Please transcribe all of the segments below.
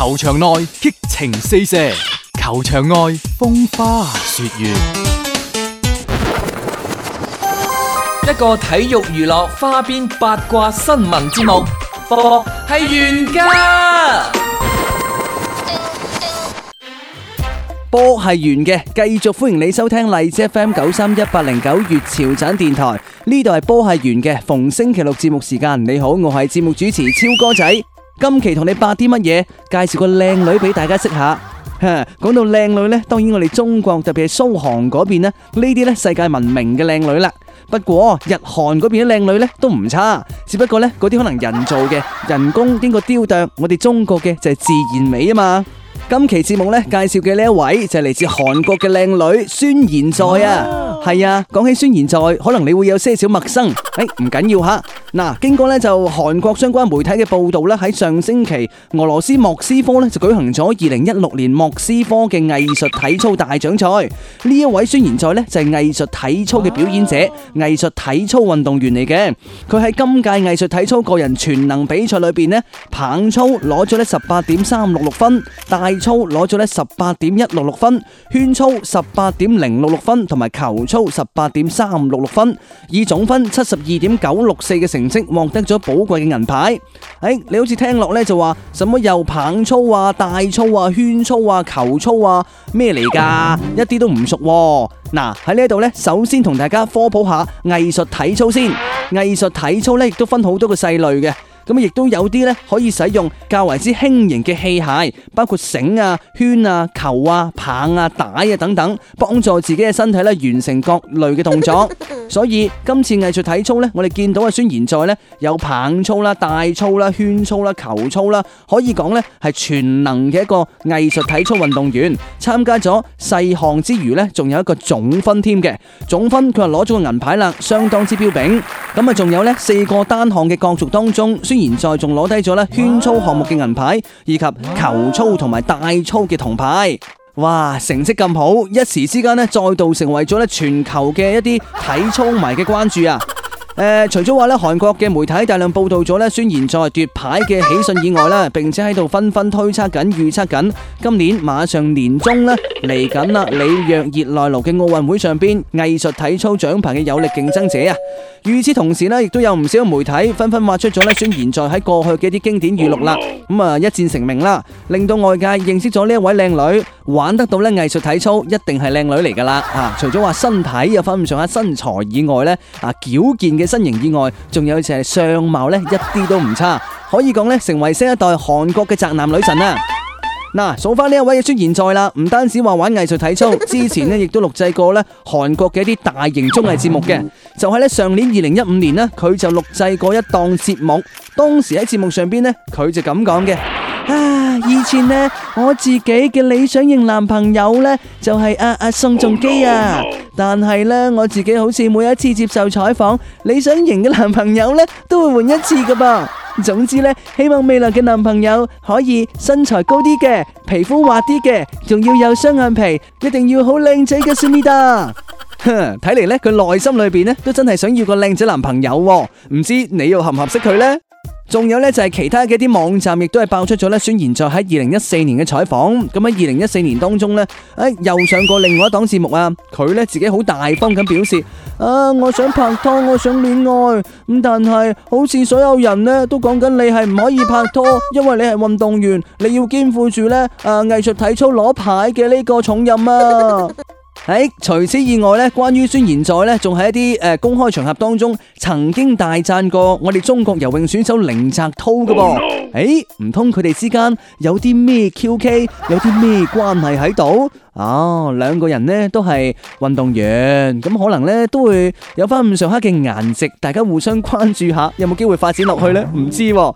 球場內激情四射，球場外風花雪月。一個體育娛樂花邊八卦新聞節目，波係圓噶，波係圓嘅，繼續歡迎你收聽荔枝 FM 九三一八零九粵潮省電台。呢度係波係圓嘅逢星期六節目時間。你好，我係節目主持超哥仔。今期同你八啲乜嘢？介紹個靚女俾大家識下。吓，講到靚女呢，當然我哋中國特別係蘇杭嗰邊呢，呢啲呢世界聞名嘅靚女啦。不過日韓嗰邊嘅靚女呢都唔差，只不過呢嗰啲可能人造嘅人工經過雕琢，我哋中國嘅就係自然美啊嘛。今期節目呢，介紹嘅呢一位就係嚟自韓國嘅靚女孫妍在啊，係啊，講起孫妍在，可能你會有些少陌生，誒唔緊要吓。嗱，經過呢就韓國相關媒體嘅報道呢，喺上星期俄羅斯莫斯科呢就舉行咗二零一六年莫斯科嘅藝術體操大獎賽，呢一位孫妍在呢就係藝術體操嘅表演者、藝術體操運動員嚟嘅，佢喺今屆藝術體操個人全能比賽裏邊呢，棒操攞咗呢十八點三六六分，大。操攞咗呢十八點一六六分，圈操十八點零六六分，同埋球操十八點三六六分，以總分七十二點九六四嘅成績獲得咗寶貴嘅銀牌。誒、哎，你好似聽落呢就話什麼又棒操啊、大操啊、圈操啊、球操啊，咩嚟噶？一啲都唔熟、啊。嗱，喺呢度呢，首先同大家科普下藝術體操先。藝術體操呢亦都分好多個細類嘅。咁亦都有啲咧可以使用較為之輕盈嘅器械，包括繩啊、圈啊、球啊、棒啊、帶啊等等，幫助自己嘅身體咧完成各類嘅動作。 所以今次藝術體操呢，我哋見到阿孫妍在呢，有棒操啦、大操啦、圈操啦、球操啦，可以講呢，係全能嘅一個藝術體操運動員。參加咗細項之餘呢，仲有一個總分添嘅。總分，佢係攞咗個銀牌啦，相當之標炳。咁啊，仲有呢，四個單項嘅角逐當中，孫妍在仲攞低咗呢圈操項目嘅銀牌，以及球操同埋大操嘅銅牌。哇！成績咁好，一時之間呢，再度成為咗全球嘅一啲體操迷嘅關注啊！誒，除咗話咧，韓國嘅媒體大量報道咗咧孫妍在奪牌嘅喜訊以外咧，並且喺度紛紛推測緊、預測緊，今年馬上年中咧嚟緊啦，里約熱內盧嘅奧運會上邊藝術體操獎牌嘅有力競爭者啊。與此同時咧，亦都有唔少媒體紛紛挖出咗咧孫妍在喺過去嘅一啲經典語錄啦。咁啊，一戰成名啦，令到外界認識咗呢一位靚女，玩得到咧藝術體操一定係靚女嚟噶啦。啊，除咗話身體又分唔上啊身材以外咧，啊矯健嘅。身形以外，仲有就係相貌咧，一啲都唔差，可以講咧，成為新一代韓國嘅宅男女神啦。嗱，數返呢一位嘅孫妍在啦，唔單止話玩藝術體操，之前咧亦都錄製過咧韓國嘅一啲大型綜藝節目嘅，就係咧上年二零一五年咧，佢就錄製過一檔節目，當時喺節目上邊咧，佢就咁講嘅。以前呢，我自己嘅理想型男朋友呢，就係阿阿宋仲基啊。但係呢，我自己好似每一次接受採訪，理想型嘅男朋友呢，都會換一次噶噃總之呢，希望未來嘅男朋友可以身材高啲嘅，皮膚滑啲嘅，仲要有雙眼皮，一定要好靚仔嘅先得。哼，睇嚟 呢，佢內心裏邊呢，都真係想要個靚仔男朋友啊。唔知你又合唔合適佢呢？仲有呢，就係其他嘅啲網站，亦都係爆出咗呢孫妍在。就喺二零一四年嘅採訪，咁喺二零一四年當中呢，誒又上過另外一檔節目啊。佢呢自己好大方咁表示 啊，我想拍拖，我想戀愛，咁但係好似所有人呢都講緊你係唔可以拍拖，因為你係運動員，你要肩負住呢誒藝術體操攞牌嘅呢個重任啊。誒、哎，除此以外咧，關於孫妍在咧，仲喺一啲誒公開場合當中，曾經大讚過我哋中國游泳選手寧澤濤噶噃。誒，唔通佢哋之間有啲咩 QK，有啲咩關係喺度？哦，兩、哎啊、個人呢都係運動員，咁可能咧都會有翻咁上下嘅顏值，大家互相關注下，有冇機會發展落去呢？唔知、啊。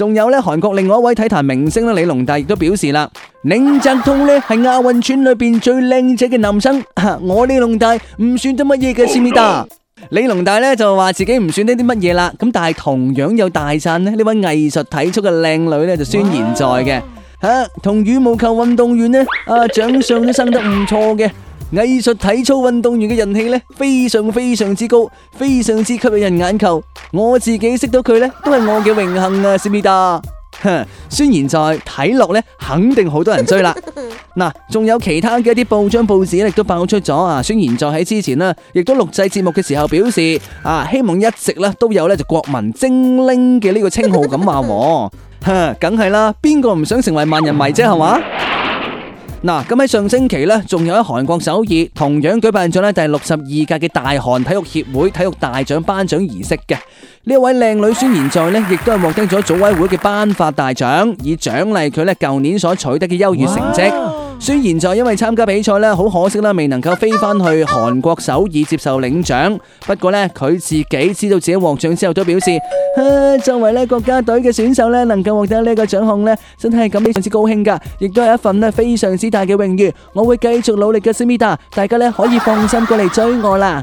仲有咧，韓國另外一位體壇明星咧，李龍大亦都表示啦，寧澤濤咧係亞運村裏邊最靚仔嘅男生，我 李龍大唔算得乜嘢嘅，思密達。李龍大咧就話自己唔算得啲乜嘢啦，咁但係同樣有大讚咧，呢位藝術體操嘅靚女咧就孫妍在嘅，嚇、啊，同羽毛球運動員呢，啊，長相都生得唔錯嘅。藝術體操運動員嘅人氣咧非常非常之高，非常之吸引人眼球。我自己識到佢咧都係我嘅榮幸啊，思密達。孫 妍在睇落咧，肯定好多人追啦。嗱，仲有其他嘅一啲報章報紙咧，亦都爆出咗啊。孫妍在喺之前啦，亦都錄製節目嘅時候表示啊，希望一直咧都有咧就國民精靈嘅呢個稱號咁話。吓， 梗係啦，邊個唔想成為萬人迷啫，係嘛？嗱，咁喺上星期呢，仲有喺韓國首爾同樣舉辦咗呢第六十二屆嘅大韓體育協會體育大獎頒獎儀式嘅呢位靚女孫妍在呢，亦都係獲得咗組委會嘅頒發大獎，以獎勵佢呢舊年所取得嘅優異成績。雖然就因為參加比賽咧，好可惜啦，未能夠飛翻去韓國首爾接受領獎。不過咧，佢自己知道自己獲獎之後，都表示，啊、作為咧國家隊嘅選手咧，能夠獲得呢一個獎項咧，真係咁非常之高興噶，亦都係一份咧非常之大嘅榮譽。我會繼續努力嘅，思密達，大家咧可以放心過嚟追我啦。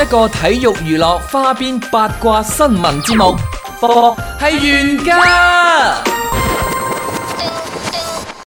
一個體育娛樂花邊八卦新聞節目，播係原價。